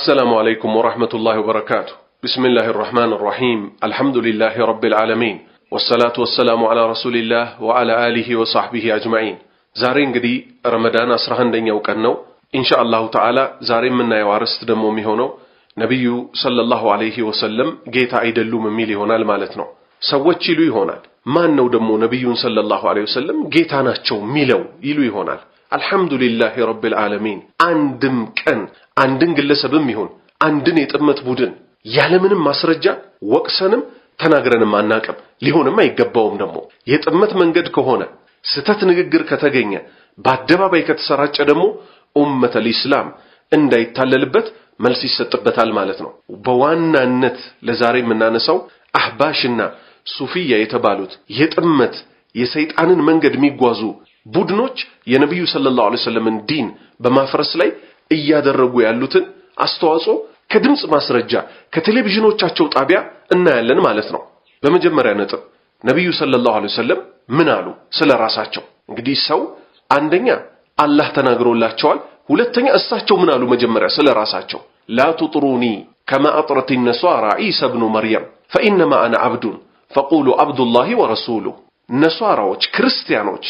السلام عليكم ورحمة الله وبركاته بسم الله الرحمن الرحيم الحمد لله رب العالمين والصلاة والسلام على رسول الله وعلى آله وصحبه أجمعين زارين قدي رمضان أسرهن دين يوكنو إن شاء الله تعالى زارين منا يوارست دمو ميهونو نبي صلى الله عليه وسلم جيت عيد اللوم ميلي هنا المالتنا سوتش لوي هنا ما نو نبي صلى الله عليه وسلم جيت عنا شو ميلو يلوي هنا الحمد لله رب العالمين عندم كن አንድን ግለሰብም ይሁን አንድን የጥመት ቡድን ያለምንም ማስረጃ ወቅሰንም ተናግረንም አናቅም። ሊሆንም አይገባውም። ደግሞ የጥመት መንገድ ከሆነ ስተት ንግግር ከተገኘ በአደባባይ ከተሰራጨ ደግሞ ኡመተል ኢስላም እንዳይታለልበት መልስ ይሰጥበታል ማለት ነው። በዋናነት ለዛሬ የምናነሳው አህባሽና ሱፊያ የተባሉት የጥመት የሰይጣንን መንገድ የሚጓዙ ቡድኖች የነቢዩ ሰለላሁ ዐለይሂ ወሰለምን ዲን በማፍረስ ላይ እያደረጉ ያሉትን አስተዋጽኦ ከድምፅ ማስረጃ ከቴሌቪዥኖቻቸው ጣቢያ እናያለን ማለት ነው። በመጀመሪያ ነጥብ ነቢዩ ሰለላሁ ዐለይሂ ወሰለም ምን አሉ ስለ ራሳቸው? እንግዲህ ሰው አንደኛ አላህ ተናግሮላቸዋል፣ ሁለተኛ እሳቸው ምን አሉ መጀመሪያ ስለ ራሳቸው? ላ ቱጥሩኒ ከማ አጥረት ነሷራ ዒሳ ብኑ መርየም ፈኢነማ አነ አብዱን ፈቁሉ አብዱላሂ ወረሱሉ። ነሷራዎች ክርስቲያኖች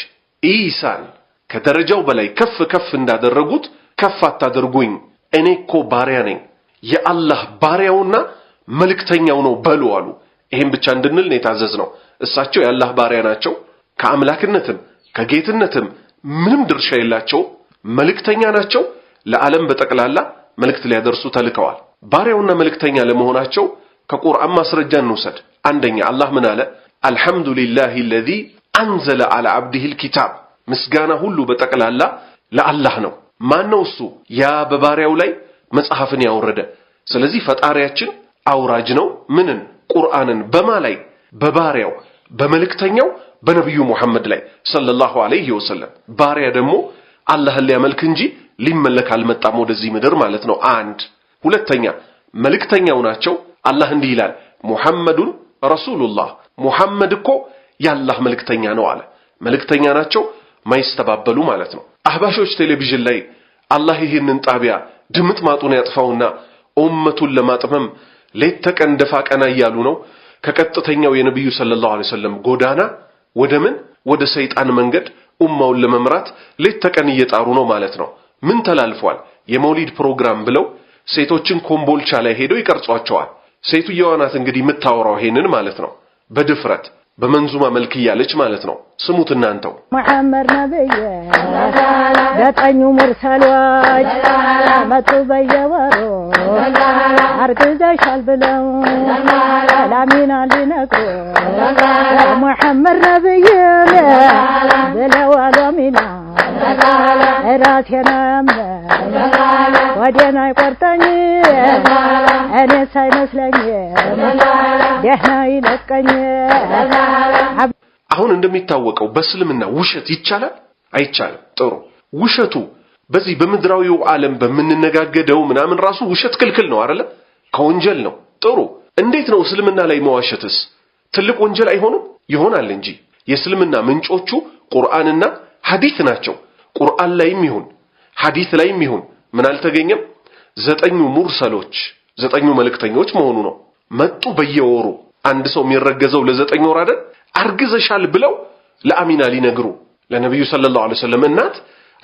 ኢሳን ከደረጃው በላይ ከፍ ከፍ እንዳደረጉት ከፍ አታድርጉኝ፣ እኔ እኮ ባሪያ ነኝ፣ የአላህ ባሪያውና መልእክተኛው ነው በሉ አሉ። ይህም ብቻ እንድንል ነው ነው። እሳቸው የአላህ ባሪያ ናቸው። ከአምላክነትም ከጌትነትም ምንም ድርሻ የላቸው መልእክተኛ ናቸው። ለዓለም በጠቅላላ መልእክት ሊያደርሱ ተልከዋል። ባሪያውና መልእክተኛ ለመሆናቸው ከቁርአን ማስረጃ እንውሰድ። አንደኛ አላህ ምን አለ? አልሐምዱሊላሂ ለዚ አንዘለ አላ አብዲሂል ኪታብ ምስጋና ሁሉ በጠቅላላ ለአላህ ነው። ማን ነው እሱ? ያ በባሪያው ላይ መጽሐፍን ያወረደ። ስለዚህ ፈጣሪያችን አውራጅ ነው ምንን? ቁርአንን። በማ ላይ? በባሪያው በመልእክተኛው በነቢዩ ሙሐመድ ላይ ሰለላሁ ዐለይሂ ወሰለም። ባሪያ ደግሞ አላህን ሊያመልክ እንጂ ሊመለክ አልመጣም ወደዚህ ምድር ማለት ነው። አንድ ሁለተኛ መልእክተኛው ናቸው። አላህ እንዲህ ይላል ሙሐመዱን ረሱሉላህ ሙሐመድ እኮ የአላህ መልእክተኛ ነው አለ። መልእክተኛ ናቸው ማይስተባበሉ ማለት ነው። አህባሾች ቴሌቪዥን ላይ አላህ ይህንን ጣቢያ ድምጥ ማጡን ያጥፋውና ኡመቱን ለማጥመም ሌት ተቀን ደፋ ቀና እያሉ ነው። ከቀጥተኛው የነቢዩ ሰለላሁ ዐለይሂ ወሰለም ጎዳና ወደ ምን ወደ ሰይጣን መንገድ ኡማውን ለመምራት ሌት ተቀን እየጣሩ ነው ማለት ነው። ምን ተላልፏል? የመውሊድ ፕሮግራም ብለው ሴቶችን ኮምቦልቻ ላይ ሄደው ይቀርጿቸዋል። ሴትዮዋ ናት እንግዲህ የምታወራው ይሄንን ማለት ነው በድፍረት በመንዙማ መልክ እያለች ማለት ነው። ስሙት እናንተው መሐመድ ነብየ ዘጠኙ ሙርሰሎች መጡ በየወሩ አርግዘሻል ብለው ሰላሚና ሊነግሩ መሐመድ ነብይ ብለው አሎሚና ራሴንም ወዴን አይቆርጠኝ እኔ ሳይመስለኝ ደህና ይለቀኝ። አሁን እንደሚታወቀው በእስልምና ውሸት ይቻላል አይቻልም? ጥሩ ውሸቱ በዚህ በምድራዊው ዓለም በምንነጋገደው ምናምን ራሱ ውሸት ክልክል ነው አይደለ? ከወንጀል ነው። ጥሩ እንዴት ነው እስልምና ላይ መዋሸትስ ትልቅ ወንጀል አይሆንም? ይሆናል እንጂ የእስልምና ምንጮቹ ቁርአንና ሐዲት ናቸው። ቁርአን ላይም ይሁን ሐዲስ ላይም ይሁን ምን አልተገኘም። ዘጠኙ ሙርሰሎች ዘጠኙ መልእክተኞች መሆኑ ነው። መጡ በየወሩ አንድ ሰው የሚረገዘው ለዘጠኝ ወር አይደል? አርግዘሻል ብለው ለአሚና ሊነግሩ ለነቢዩ ሰለላሁ ዐለይሂ ወሰለም እናት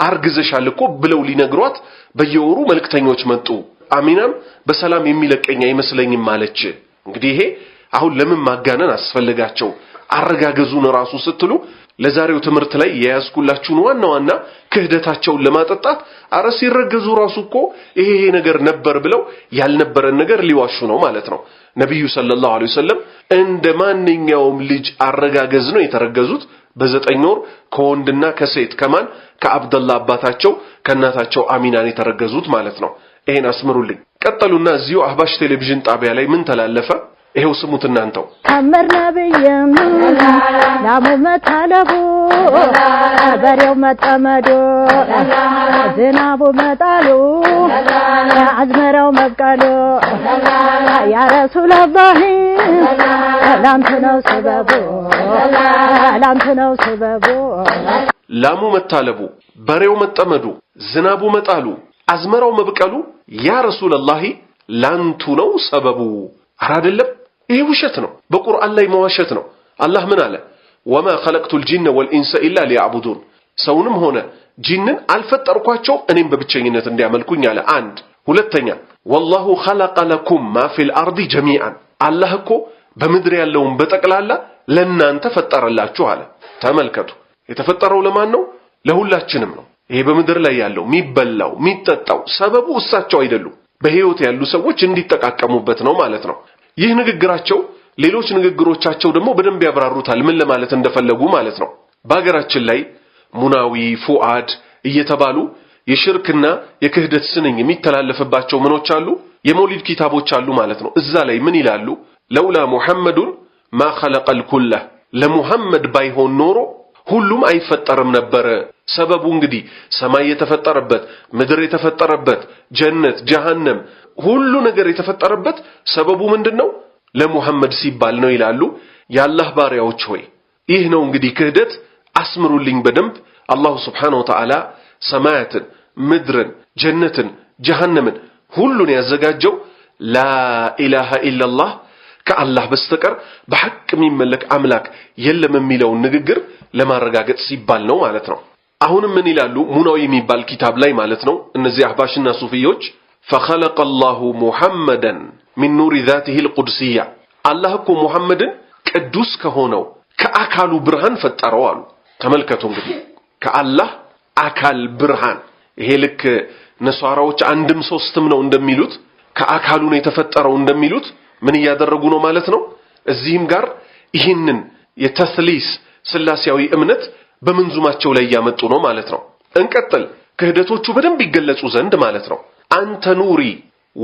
አርግዘሻል እኮ ብለው ሊነግሯት በየወሩ መልእክተኞች መጡ። አሚናም በሰላም የሚለቀኝ አይመስለኝም አለች። እንግዲህ ይሄ አሁን ለምን ማጋነን አስፈልጋቸው? አረጋገዙን ራሱ ስትሉ ለዛሬው ትምህርት ላይ የያዝኩላችሁን ዋና ዋና ክህደታቸውን ለማጠጣት አረ ሲረገዙ ራሱ እኮ ይሄ ይሄ ነገር ነበር ብለው ያልነበረን ነገር ሊዋሹ ነው ማለት ነው። ነቢዩ ሰለላሁ ዐለይሂ ወሰለም እንደ ማንኛውም ልጅ አረጋገዝ ነው የተረገዙት። በዘጠኝ ወር ከወንድና ከሴት ከማን ከአብደላ አባታቸው ከእናታቸው አሚናን የተረገዙት ማለት ነው። ይሄን አስምሩልኝ። ቀጠሉና እዚሁ አህባሽ ቴሌቪዥን ጣቢያ ላይ ምን ተላለፈ? ይሄው ስሙት እናንተው አመርና በየም ላሙ መታለቡ በሬው መጠመዶ ዝናቡ መጣሉ አዝመራው መብቀሉ ያ ረሱላህ ላንተ ነው ሰበቡ ላንተ ነው ሰበቡ ላሙ መታለቡ በሬው መጠመዱ ዝናቡ መጣሉ አዝመራው መብቀሉ ያ ረሱላህ ላንቱ ነው ሰበቡ አይደለም ይህ ውሸት ነው። በቁርአን ላይ መዋሸት ነው። አላህ ምን አለ? ወማ ኸለቅቱል ጂነ ወልኢንሰ ኢላ ሊያዕቡዱን ሰውንም ሆነ ጅንን አልፈጠርኳቸው እኔም በብቸኝነት እንዲያመልኩኝ አለ። አንድ ሁለተኛ፣ ወላሁ ኸለቀ ለኩም ማ ፊል አርዲ ጀሚዓን አላህ እኮ በምድር ያለውን በጠቅላላ ለእናንተ ፈጠረላችሁ አለ። ተመልከቱ፣ የተፈጠረው ለማን ነው? ለሁላችንም ነው። ይሄ በምድር ላይ ያለው የሚበላው የሚጠጣው ሰበቡ እሳቸው አይደሉም። በህይወት ያሉ ሰዎች እንዲጠቃቀሙበት ነው ማለት ነው። ይህ ንግግራቸው ሌሎች ንግግሮቻቸው ደግሞ በደንብ ያብራሩታል፣ ምን ለማለት እንደፈለጉ ማለት ነው። በሀገራችን ላይ ሙናዊ፣ ፉአድ እየተባሉ የሽርክና የክህደት ስንኝ የሚተላለፍባቸው ምኖች አሉ፣ የመውሊድ ኪታቦች አሉ ማለት ነው። እዛ ላይ ምን ይላሉ? ለውላ ሙሐመዱን ማ ኸለቀል ኩለ ለሙሐመድ ባይሆን ኖሮ ሁሉም አይፈጠርም ነበር። ሰበቡ እንግዲህ ሰማይ የተፈጠረበት ምድር የተፈጠረበት ጀነት፣ ጀሃነም ሁሉ ነገር የተፈጠረበት ሰበቡ ምንድን ነው? ለሙሐመድ ሲባል ነው ይላሉ። የአላህ ባሪያዎች ሆይ ይህ ነው እንግዲህ ክህደት አስምሩልኝ በደንብ አላሁ ስብሓነሁ ወተዓላ ሰማያትን፣ ምድርን፣ ጀነትን፣ ጀሃነምን ሁሉን ያዘጋጀው ላኢላሃ ኢላሃ ኢላላህ ከአላህ በስተቀር በሐቅ የሚመለክ አምላክ የለም የሚለውን ንግግር ለማረጋገጥ ሲባል ነው ማለት ነው። አሁንም ምን ይላሉ? ሙናዊ የሚባል ኪታብ ላይ ማለት ነው እነዚህ አህባሽና ሱፊዮች ፈኸለቀ ላሁ ሙሐመደን ሚን ኑሪ ዛቲሂ ልቁድስያ አላህ እኮ ሙሐመድን ቅዱስ ከሆነው ከአካሉ ብርሃን ፈጠረው አሉ። ተመልከቱ እንግዲህ ከአላህ አካል ብርሃን ይሄ ልክ ነሷራዎች አንድም ሶስትም ነው እንደሚሉት ከአካሉ ነው የተፈጠረው እንደሚሉት ምን እያደረጉ ነው ማለት ነው። እዚህም ጋር ይህንን የተስሊስ ስላሴያዊ እምነት በምንዙማቸው ላይ እያመጡ ነው ማለት ነው። እንቀጥል፣ ክህደቶቹ በደንብ ይገለጹ ዘንድ ማለት ነው። አንተ ኑሪ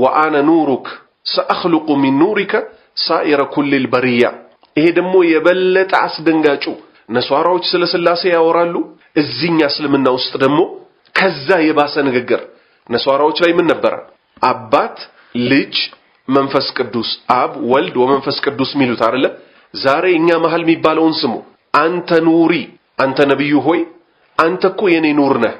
ወአነ ኑሩክ ሰአኽልቁ ሚን ኑሪከ ሳኢረ ኩልል በርያ። ይሄ ደግሞ የበለጠ አስደንጋጩ ነሷራዎች ስለ ሥላሴ ያወራሉ። እዚኛ እስልምና ውስጥ ደግሞ ከዛ የባሰ ንግግር ነሷራዎች ላይ ምን ነበረ? አባት፣ ልጅ፣ መንፈስ ቅዱስ አብ፣ ወልድ ወመንፈስ ቅዱስ የሚሉት አይደለ? ዛሬ እኛ መሃል የሚባለውን ስሙ። አንተ ኑሪ፣ አንተ ነብዩ ሆይ አንተ እኮ የኔ ኑር ነህ።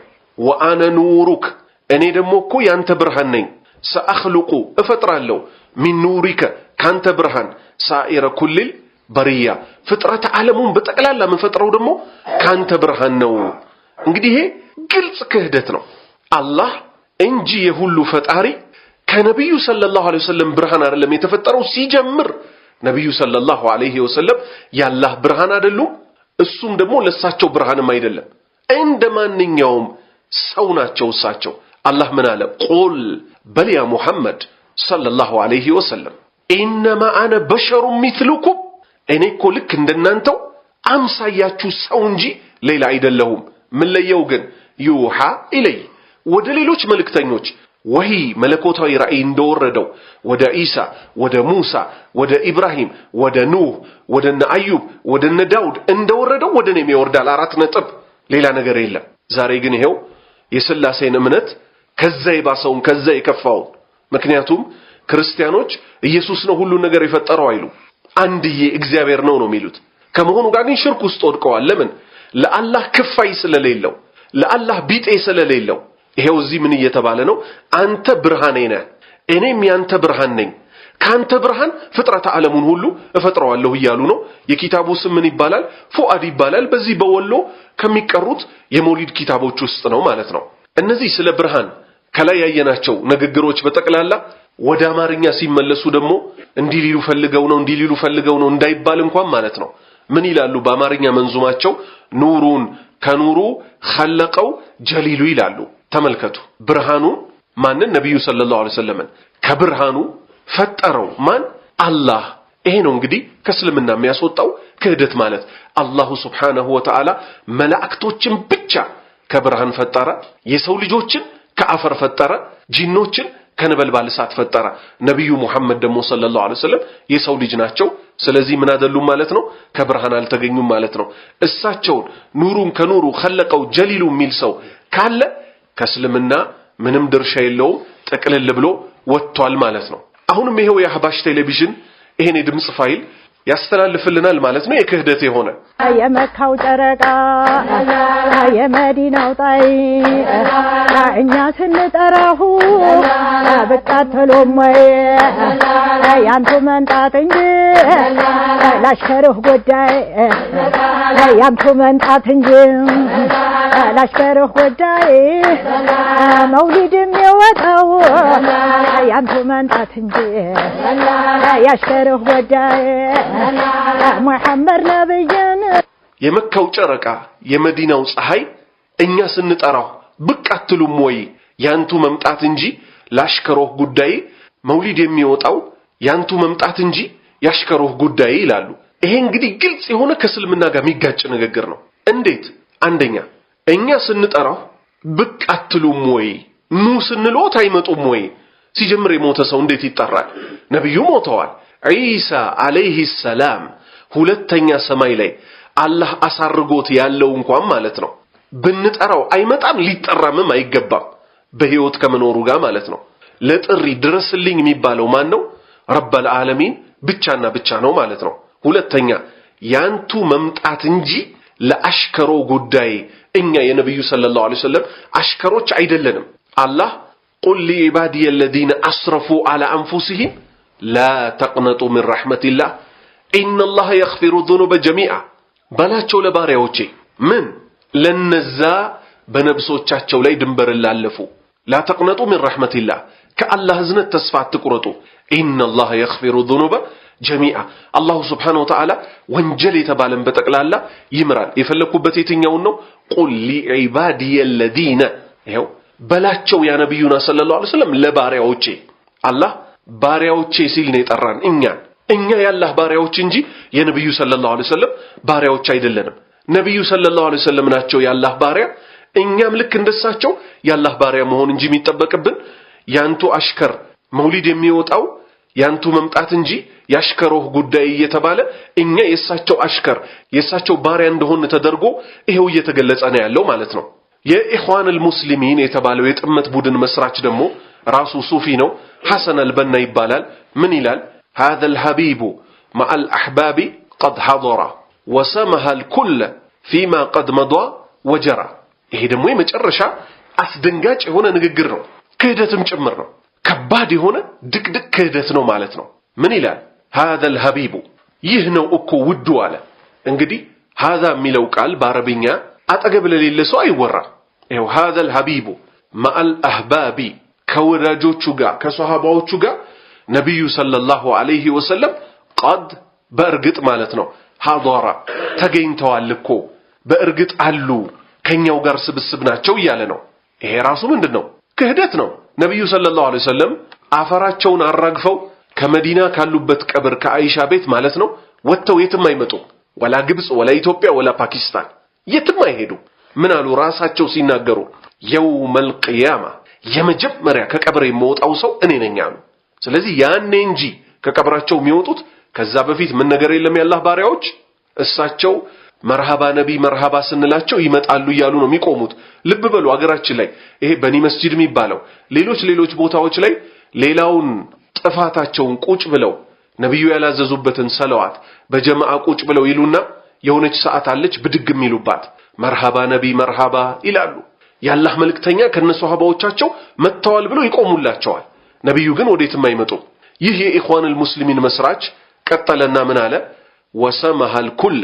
ወአነ ኑሩክ እኔ ደግሞ እኮ ያንተ ብርሃን ነኝ። ሰአኽልቁ እፈጥራለሁ ሚን ኑሪከ ካንተ ብርሃን ሳኢረ ኩልል በርያ ፍጥረት ዓለሙን በጠቅላላ የምንፈጥረው ደግሞ ካንተ ብርሃን ነው። እንግዲህ ይሄ ግልጽ ክህደት ነው። አላህ እንጂ የሁሉ ፈጣሪ ከነቢዩ ሰለላሁ ዐለይሂ ወሰለም ብርሃን አይደለም የተፈጠረው። ሲጀምር ነቢዩ ሰለላሁ ዐለይሂ ወሰለም ያላህ ብርሃን አይደሉም፣ እሱም ደግሞ ለእሳቸው ብርሃንም አይደለም። እንደ ማንኛውም ሰው ናቸው እሳቸው። አላህ ምን አለ? ቁል በል ያ ሙሐመድ ሰለላሁ ዐለይሂ ወሰለም ኢነማ አነ በሸሩ ሚትልኩም እኔ እኮ ልክ እንደናንተው አምሳያችሁ ሰው እንጂ ሌላ አይደለሁም። ምን ግን ዩሃ ኢለይ ወደ ሌሎች መልእክተኞች ወሂይ መለኮታዊ ራእይ እንደወረደው ወደ ኢሳ፣ ወደ ሙሳ፣ ወደ ኢብራሂም፣ ወደ ኑህ፣ ወደ እነ አዩብ፣ ወደ እነ ዳውድ እንደወረደው ወደ እኔም ይወርዳል። አራት ነጥብ። ሌላ ነገር የለም። ዛሬ ግን ይሄው የሥላሴን እምነት ከዛ የባሰውን ከዛ የከፋውን። ምክንያቱም ክርስቲያኖች ኢየሱስ ነው ሁሉን ነገር የፈጠረው አይሉ አንድዬ እግዚአብሔር ነው ነው የሚሉት። ከመሆኑ ጋር ግን ሽርክ ውስጥ ወድቀዋል። ለምን? ለአላህ ክፋይ ስለሌለው፣ ለአላህ ቢጤ ስለሌለው። ይሄው እዚህ ምን እየተባለ ነው? አንተ ብርሃኔ ነህ፣ እኔም ያንተ ብርሃን ነኝ ከአንተ ብርሃን ፍጥረት ዓለሙን ሁሉ እፈጥረዋለሁ እያሉ ነው። የኪታቡ ስም ምን ይባላል? ፉአድ ይባላል። በዚህ በወሎ ከሚቀሩት የሞሊድ ኪታቦች ውስጥ ነው ማለት ነው። እነዚህ ስለ ብርሃን ከላይ ያየናቸው ንግግሮች በጠቅላላ ወደ አማርኛ ሲመለሱ ደግሞ እንዲህ ሊሉ ፈልገው ነው እንዲህ ሊሉ ፈልገው ነው እንዳይባል እንኳን ማለት ነው። ምን ይላሉ? በአማርኛ መንዙማቸው ኑሩን ከኑሩ ኸለቀው ጀሊሉ ይላሉ። ተመልከቱ። ብርሃኑን ማንን? ነቢዩ ሰለላሁ ዐለይሂ ወሰለምን ከብርሃኑ ፈጠረው ማን? አላህ። ይሄ ነው እንግዲህ ከእስልምና የሚያስወጣው ክህደት ማለት አላሁ ሱብሓነሁ ወተዓላ መላእክቶችን ብቻ ከብርሃን ፈጠረ የሰው ልጆችን ከአፈር ፈጠረ፣ ጂኖችን ከነበልባል እሳት ፈጠረ። ነቢዩ ሙሐመድ ደግሞ ሰለላሁ ዐለይሂ ወሰለም የሰው ልጅ ናቸው። ስለዚህ ምን አይደሉም ማለት ነው? ከብርሃን አልተገኙም ማለት ነው። እሳቸውን ኑሩን ከኑሩ ኸለቀው ጀሊሉ የሚል ሰው ካለ ከእስልምና ምንም ድርሻ የለውም፣ ጥቅልል ብሎ ወጥቷል ማለት ነው። አሁንም ይሄው የአህባሽ ቴሌቪዥን ይሄን የድምፅ ፋይል ያስተላልፍልናል ማለት ነው። የክህደት የሆነ የመካው ጨረቃ የመዲናው ጣይ እኛ ስንጠራሁ ብቃተሎም ወይ ያንቱ መንጣት እንጂ ላሽከርህ ጉዳይ ያንቱ መንጣት እንጂ ላሽከርህ ጉዳይ መውሊድም የወጣው ያንቱ መምጣት እንጂ ያሽከርህ ጉዳይ ሙሐመድ ነብይን የመካው ጨረቃ የመዲናው ፀሐይ እኛ ስንጠራው ብቅ አትሉም ወይ? ያንቱ መምጣት እንጂ ላሽከሮህ ጉዳይ መውሊድ የሚወጣው ያንቱ መምጣት እንጂ ያሽከሮህ ጉዳይ ይላሉ። ይሄ እንግዲህ ግልጽ የሆነ ከእስልምና ጋር የሚጋጭ ንግግር ነው። እንዴት? አንደኛ እኛ ስንጠራው ብቅ አትሉም ወይ? ኑ ስንሎት አይመጡም ወይ? ሲጀምር የሞተ ሰው እንዴት ይጠራል? ነቢዩ ሞተዋል። ዒሳ አለይሂ ሰላም ሁለተኛ ሰማይ ላይ አላህ አሳርጎት ያለው እንኳን ማለት ነው። ብንጠራው አይመጣም፣ ሊጠራምም አይገባም በሕይወት ከመኖሩ ጋር ማለት ነው። ለጥሪ ድረስልኝ የሚባለው ማን ነው? ረበል ዓለሚን ብቻና ብቻ ነው ማለት ነው። ሁለተኛ ያንቱ መምጣት እንጂ ለአሽከሮ ጉዳይ እኛ የነቢዩ ሰለላሁ ዐለይሂ ወሰለም አሽከሮች አይደለንም። አላህ ቁል ሊዕባዲየ አለዚነ አስረፉ ዐላ አንፉሲሂም ላ ተቅነጡ ሚን ረሕመቲላህ ኢነላህ የግፊሩ ዙኑበ ጀሚዓ በላቸው ለባሪያዎቼ ምን ለነዛ በነብሶቻቸው ላይ ድንበር ላለፉ ላ ተቅነጡ ሚን ረሕመቲላህ ከአላህ እዝነት ተስፋ አትቁረጡ ኢነላህ የግፊሩ ዙኑበ ጀሚአ አላሁ ስብሓነሁ ወተዓላ ወንጀል የተባለን በጠቅላላ ይምራል። የፈለግኩበት የትኛውን ነው? ቁል ሊዒባዲየ ለዚነ ይኸው በላቸው ያ ነቢዩና ሰለላሁ ዐለይሂ ወሰለም ለባሪያዎቼ። አላህ ባሪያዎቼ ሲል ነው የጠራን እኛን። እኛ የአላህ ባሪያዎች እንጂ የነቢዩ ሰለላሁ ዐለይሂ ወሰለም ባሪያዎች አይደለንም። ነቢዩ ሰለላሁ ዐለይሂ ወሰለም ናቸው የአላህ ባሪያ። እኛም ልክ እንደሳቸው የአላህ ባሪያ መሆን እንጂ የሚጠበቅብን ያንቱ አሽከር መውሊድ የሚወጣው ያንቱ መምጣት እንጂ ያሽከሮህ ጉዳይ እየተባለ እኛ የእሳቸው አሽከር የእሳቸው ባሪያ እንደሆን ተደርጎ ይሄው እየተገለጸ ነው ያለው ማለት ነው። የኢኽዋንል ሙስሊሚን የተባለው የጥመት ቡድን መስራች ደግሞ ራሱ ሱፊ ነው፣ ሐሰን አልበና ይባላል። ምን ይላል? ሃዘል ሀቢቡ መዓል አሕባቢ ቀድ ሐضራ ወሰመሃል ኩለ ፊማ ቀድ መዷ ወጀራ። ይሄ ደግሞ የመጨረሻ አስደንጋጭ የሆነ ንግግር ነው፣ ክህደትም ጭምር ነው። ከባድ የሆነ ድቅድቅ ክህደት ነው ማለት ነው። ምን ይላል? ሃዛል ሀቢቡ ይህ ነው እኮ ውዱ አለ። እንግዲህ ሃዛ የሚለው ቃል በአረብኛ አጠገብ ለሌለ ሰው አይወራም። ይኸው ሃዛል ሀቢቡ ማአል አህባቢ ከወዳጆቹ ጋር ከሰሃባዎቹ ጋር ነቢዩ ሰለላሁ ዐለይሂ ወሰለም ቀድ በእርግጥ ማለት ነው ሐዷራ ተገኝተዋል እኮ በእርግጥ አሉ ከኛው ጋር ስብስብ ናቸው እያለ ነው። ይሄ ራሱ ምንድን ነው ክህደት ነው። ነቢዩ ሰለላሁ ዐለይሂ ወሰለም አፈራቸውን አራግፈው ከመዲና ካሉበት ቀብር ከአይሻ ቤት ማለት ነው ወጥተው የትም አይመጡ፣ ወላ ግብፅ፣ ወላ ኢትዮጵያ፣ ወላ ፓኪስታን የትም አይሄዱ። ምን አሉ ራሳቸው ሲናገሩ የውመል ቂያማ የመጀመሪያ ከቀብር የምወጣው ሰው እኔ ነኝ አሉ። ስለዚህ ያኔ እንጂ ከቀብራቸው የሚወጡት ከዛ በፊት ምን ነገር የለም። ያላህ ባሪያዎች እሳቸው መርሃባ ነቢይ መርሃባ ስንላቸው ይመጣሉ እያሉ ነው የሚቆሙት። ልብ በሉ አገራችን ላይ ይሄ በኒ መስጂድ የሚባለው ሌሎች ሌሎች ቦታዎች ላይ ሌላውን ጥፋታቸውን ቁጭ ብለው ነቢዩ ያላዘዙበትን ሰለዋት በጀማዓ ቁጭ ብለው ይሉና የሆነች ሰዓት አለች ብድግ የሚሉባት መርሃባ ነቢይ መርሃባ ይላሉ። የአላህ መልእክተኛ ከነሱ ሷሃባዎቻቸው መጥተዋል ብለው ይቆሙላቸዋል። ነቢዩ ግን ወዴትም አይመጡም። ይህ የኢኽዋንል ሙስሊሚን መስራች ቀጠለና ምን አለ ወሰመሃል ኩለ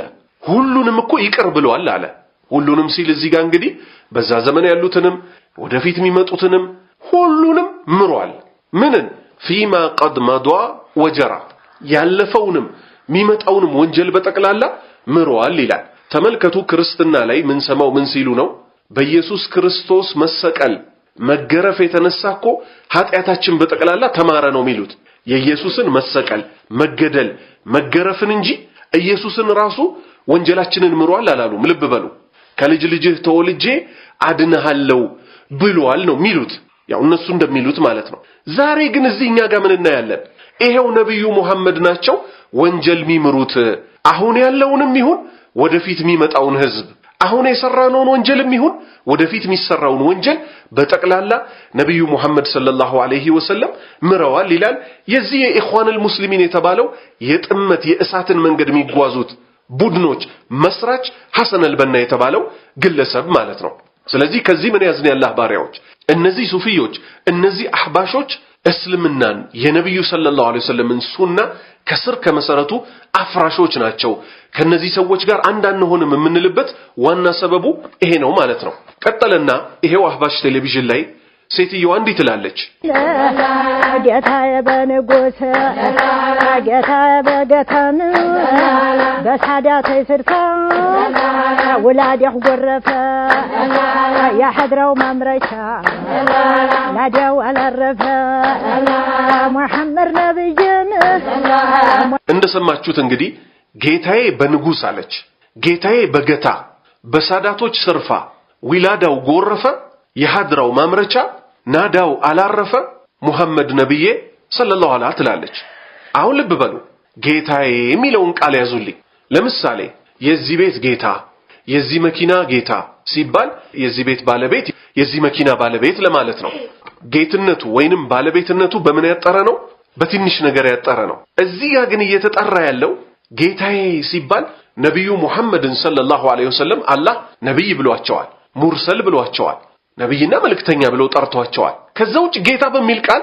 ሁሉንም እኮ ይቅር ብሏል አለ። ሁሉንም ሲል እዚህ ጋር እንግዲህ በዛ ዘመን ያሉትንም ወደፊት የሚመጡትንም ሁሉንም ምሯል። ምንን ፊማ ቀድ መዷ ወጀራ ያለፈውንም የሚመጣውንም ወንጀል በጠቅላላ ምሯል ይላል። ተመልከቱ ክርስትና ላይ ምን ሰማው ምን ሲሉ ነው? በኢየሱስ ክርስቶስ መሰቀል መገረፍ የተነሳ እኮ ኃጢአታችን በጠቅላላ ተማረ ነው የሚሉት። የኢየሱስን መሰቀል መገደል መገረፍን እንጂ ኢየሱስን ራሱ ወንጀላችንን ምሯል አላሉም። ልብ በሉ። ከልጅ ልጅህ ተወልጄ አድንሃለው ብሏል ነው የሚሉት፣ ያው እነሱ እንደሚሉት ማለት ነው። ዛሬ ግን እዚህ እኛ ጋር ምን እናያለን? ይሄው ነቢዩ ሙሐመድ ናቸው ወንጀል የሚምሩት አሁን ያለውንም ይሁን ወደፊት የሚመጣውን ህዝብ አሁን የሰራነውን ወንጀልም ይሁን ወደፊት የሚሰራውን ወንጀል በጠቅላላ ነቢዩ ሙሐመድ ሰለላሁ ዐለይሂ ወሰለም ምረዋል ይላል። የዚህ የኢኽዋን ሙስሊሚን የተባለው የጥመት የእሳትን መንገድ የሚጓዙት ቡድኖች መስራች ሐሰን አልበና የተባለው ግለሰብ ማለት ነው። ስለዚህ ከዚህ ምን ያዝን? ያላህ ባሪያዎች፣ እነዚህ ሱፊዮች፣ እነዚህ አህባሾች እስልምናን የነቢዩ ሰለላሁ ዐለይሂ ወሰለምን ሱና ከስር ከመሰረቱ አፍራሾች ናቸው። ከነዚህ ሰዎች ጋር አንድ አንሆንም የምንልበት ዋና ሰበቡ ይሄ ነው ማለት ነው። ቀጠለና ይሄው አህባሽ ቴሌቪዥን ላይ ሴትዮዋ እንዲህ ትላለች፣ ጌታዬ በንጉሥ ጌታዬ በገተም በሳዳተይ ውላዴሁ ጎረፈ የሐድረው ማምረቻ ናዲያው አላረፈ ሙሐመድ ነብይም። እንደሰማችሁት እንግዲህ ጌታዬ በንጉሥ አለች፣ ጌታዬ በገታ በሳዳቶች ስርፋ፣ ዊላዳው ጎረፈ፣ የሐድራው ማምረቻ ናዳው አላረፈ ሙሐመድ ነብዬ ሰለላሁ ዐለይሂ ትላለች። አሁን ልብ በሉ ጌታዬ የሚለውን ቃል ያዙልኝ። ለምሳሌ የዚህ ቤት ጌታ፣ የዚህ መኪና ጌታ ሲባል የዚህ ቤት ባለቤት፣ የዚህ መኪና ባለቤት ለማለት ነው። ጌትነቱ ወይንም ባለቤትነቱ በምን ያጠረ ነው? በትንሽ ነገር ያጠረ ነው። እዚህ ጋ ግን እየተጠራ ያለው ጌታዬ ሲባል ነቢዩ ሙሐመድን ሰለላሁ ዐለይሂ ወሰለም አላህ ነቢይ ብሏቸዋል፣ ሙርሰል ብሏቸዋል። ነብይና መልእክተኛ ብለው ጠርቷቸዋል። ከዛ ውጭ ጌታ በሚል ቃል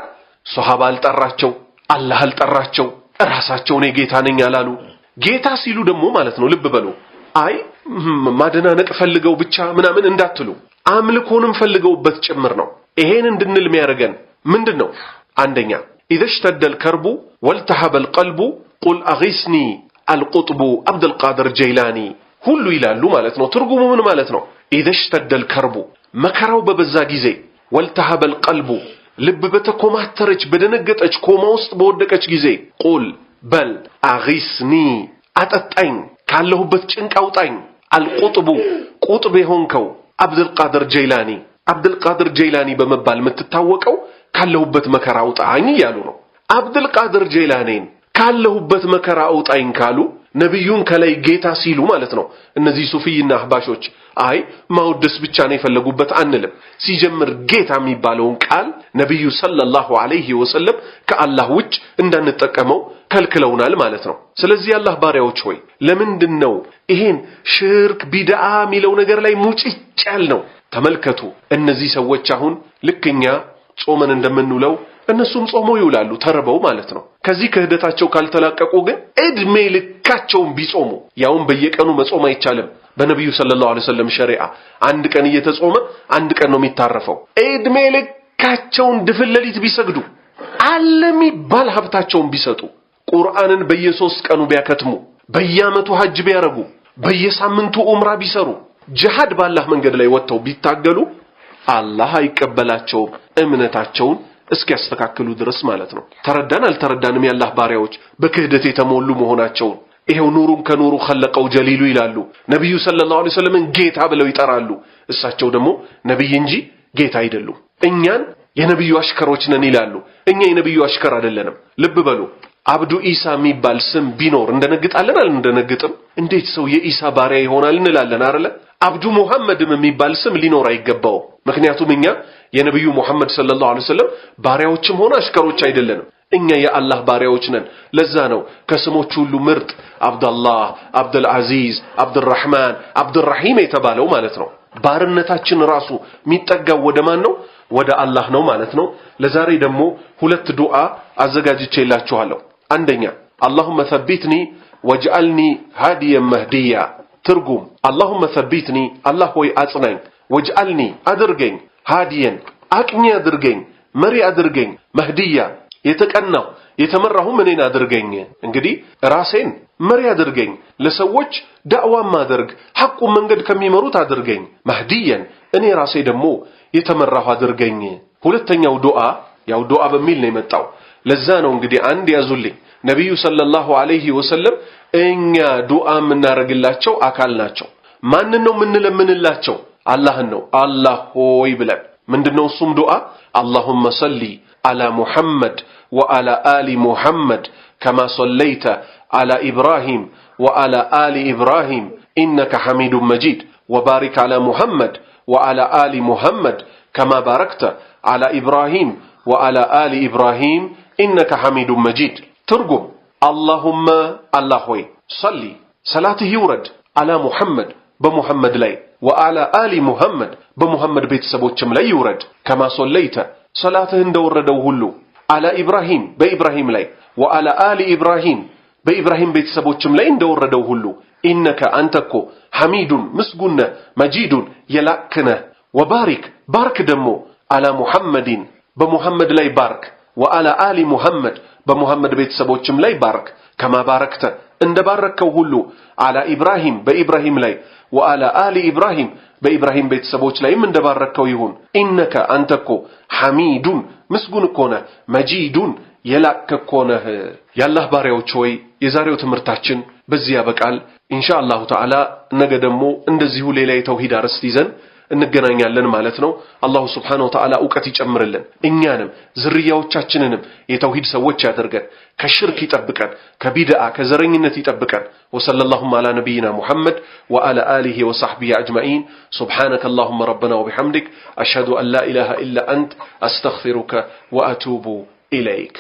ሶሃባ አልጠራቸው፣ አላህ አልጠራቸው፣ ራሳቸው እኔ ጌታ ነኝ አላሉ። ጌታ ሲሉ ደግሞ ማለት ነው ልብ በሉ። አይ ማደናነቅ ፈልገው ብቻ ምናምን እንዳትሉ፣ አምልኮንም ፈልገውበት ጭምር ነው። ይሄን እንድንል የሚያደርገን ምንድን ነው? አንደኛ ኢዘሽተደል ከርቡ ወልተሐበል ቀልቡ ቁል አጊስኒ አልቁጥቡ አብደልቃድር ጀይላኒ ሁሉ ይላሉ ማለት ነው። ትርጉሙ ምን ማለት ነው? ኢዘሽተደል ከርቡ መከራው በበዛ ጊዜ ወልተሀበል ቀልቡ ልብ በተኮማተረች በደነገጠች ኮማ ውስጥ በወደቀች ጊዜ ቁል በል አጊስኒ አጠጣኝ፣ ካለሁበት ጭንቅ አውጣኝ። አልቁጥቡ ቁጥብ የሆንከው አብድልቃድር ጀይላኒ አብድልቃድር ጀይላኒ በመባል የምትታወቀው ካለሁበት መከራ አውጣኝ እያሉ ነው። አብድልቃድር ጀይላኔን ካለሁበት መከራ አውጣኝ ካሉ ነቢዩን ከላይ ጌታ ሲሉ ማለት ነው። እነዚህ ሱፊይና አህባሾች አይ ማውደስ ብቻ ነው የፈለጉበት አንልም። ሲጀምር ጌታ የሚባለውን ቃል ነቢዩ ሰለላሁ ዐለይሂ ወሰለም ከአላህ ውጭ እንዳንጠቀመው ከልክለውናል ማለት ነው። ስለዚህ የአላህ ባሪያዎች ሆይ ለምንድን ነው ይሄን ሽርክ ቢድዓ የሚለው ነገር ላይ ሙጭጭ ያልነው? ተመልከቱ እነዚህ ሰዎች አሁን ልክኛ ጾመን እንደምንውለው እነሱም ጾመው ይውላሉ ተርበው ማለት ነው። ከዚህ ክህደታቸው ካልተላቀቁ ግን እድሜ ልካቸውን ቢጾሙ ያውም በየቀኑ መጾም አይቻልም። በነቢዩ ሰለላሁ ዐለይሂ ወሰለም ሸሪዓ አንድ ቀን እየተጾመ አንድ ቀን ነው የሚታረፈው። እድሜ ልካቸውን ድፍን ሌሊት ቢሰግዱ አለ የሚባል ሀብታቸውን ቢሰጡ ቁርአንን በየሶስት ቀኑ ቢያከትሙ በየዓመቱ ሐጅ ቢያረጉ በየሳምንቱ ኡምራ ቢሰሩ ጅሃድ ባላህ መንገድ ላይ ወጥተው ቢታገሉ አላህ አይቀበላቸውም እምነታቸውን እስኪያስተካክሉ ድረስ ማለት ነው። ተረዳን አልተረዳንም ያላህ ባሪያዎች በክህደት የተሞሉ መሆናቸውን ይሄው ኑሩን ከኑሩ ኸለቀው ጀሊሉ ይላሉ። ነቢዩ ሰለላሁ ዐለይሂ ወሰለምን ጌታ ብለው ይጠራሉ። እሳቸው ደግሞ ነቢይ እንጂ ጌታ አይደሉም። እኛን የነቢዩ አሽከሮች ነን ይላሉ። እኛ የነቢዩ አሽከር አይደለንም። ልብ በሉ። አብዱ ኢሳ የሚባል ስም ቢኖር እንደነግጣለን አለ እንደነግጥም። እንዴት ሰው የኢሳ ባሪያ ይሆናል እንላለን አይደለ? አብዱ ሙሐመድም የሚባል ስም ሊኖር አይገባው። ምክንያቱም እኛ የነቢዩ ሙሐመድ ሰለላሁ ዐለይሂ ወሰለም ባሪያዎችም ሆነ አሽከሮች አይደለንም። እኛ የአላህ ባሪያዎች ነን። ለዛ ነው ከስሞች ሁሉ ምርጥ አብደላህ፣ አብደልዓዚዝ፣ አብደራህማን፣ አብደራሂም የተባለው ማለት ነው። ባርነታችን ራሱ የሚጠጋው ወደ ማን ነው? ወደ አላህ ነው ማለት ነው። ለዛሬ ደግሞ ሁለት ዱዓ አዘጋጅቼላችኋለሁ። አንደኛ አላሁመ ሰቢትኒ ወጅአልኒ ሃዲየን መህዲያ። ትርጉም አላሁመ ሰቢትኒ አላህ ሆይ አጽናኝ፣ ወጅአልኒ አድርገኝ ሃዲየን አቅኚ አድርገኝ፣ መሪ አድርገኝ፣ መህድያ የተቀናው የተመራሁም እኔን አድርገኝ። እንግዲህ ራሴን መሪ አድርገኝ፣ ለሰዎች ዳዕዋ አድርግ፣ ሐቁን መንገድ ከሚመሩት አድርገኝ። መህድየን እኔ ራሴ ደግሞ የተመራሁ አድርገኝ። ሁለተኛው ዱዓ ያው ዱዓ በሚል ነው የመጣው። ለዛ ነው እንግዲህ አንድ ያዙልኝ ነቢዩ ሰለላሁ ዐለይሂ ወሰለም እኛ ዱዓ የምናደርግላቸው አካል ናቸው። ማንን ነው የምንለምንላቸው? አላህን ነው። አላህ ሆይ ብለን ምንድነው እሱም ዱዓ አላሁመ ሰሊ አላ ሙሐመድ ወአላ አሊ ሙሐመድ ከማ ሰለይተ አላ ኢብራሂም ወአላ አሊ ኢብራሂም ኢነከ ሐሚዱን መጂድ ወባሪክ አላ ሙሐመድ ወአላ አሊ ሙሐመድ ከማ ባረክተ አላ ኢብራሂም ወአላ አሊ ኢብራሂም ኢነከ ሐሚዱን መጂድ። ትርጉም አላሁመ አላህ ሆይ ሰሊ ሰላትህ ይውረድ አላ ሙሐመድ በሙሐመድ ላይ ወአላ አሊ ሙሐመድ በሙሐመድ ቤተሰቦችም ላይ ይውረድ። ከማ ሶለይተ ሰላትህ እንደወረደው ሁሉ አላ ኢብራሂም በኢብራሂም ላይ ወአላ አሊ ኢብራሂም በኢብራሂም ቤተሰቦችም ላይ እንደወረደው ሁሉ ኢነከ አንተኮ እኮ ሐሚዱን ምስጉነህ መጂዱን የላክነ ወባሪክ ባርክ ደግሞ አላ ሙሐመድን በሙሐመድ ላይ ባርክ። ወአላ አሊ ሙሐመድ በሙሐመድ ቤተሰቦችም ላይ ባርክ ከማ ባረክተ እንደባረከው ሁሉ አላ ኢብራሂም በኢብራሂም ላይ ወአላ አሊ ኢብራሂም በኢብራሂም ቤተሰቦች ላይም እንደባረከው ይሁን። ኢነከ አንተ እኮ ሐሚዱን ምስጉን እኮ ነህ፣ መጂዱን የላክ እኮ ነህ። የአላህ ባሪያዎች ሆይ የዛሬው ትምህርታችን በዚህ ያበቃል። ኢንሻ አላሁ ተዓላ ነገ ደግሞ እንደዚሁ ሌላ የተውሂድ አርዕስት ይዘን እንገናኛለን ማለት ነው። አላሁ ስብሓነሁ ወተዓላ እውቀት ይጨምርልን፣ እኛንም ዝርያዎቻችንንም የተውሂድ ሰዎች ያደርገን፣ ከሽርክ ይጠብቀን፣ ከቢድአ ከዘረኝነት ይጠብቀን። ወሰለላሁም አላ ነቢይና ሙሐመድ ወአላ አሊሂ ወሰሕቢሂ አጅማኢን። ሱብሓነከ አላሁመ ረበና ወቢሐምዲክ አሽሀዱ አን ላ ኢላሃ ኢላ አንት አስተግፊሩከ ወአቱቡ ኢለይክ።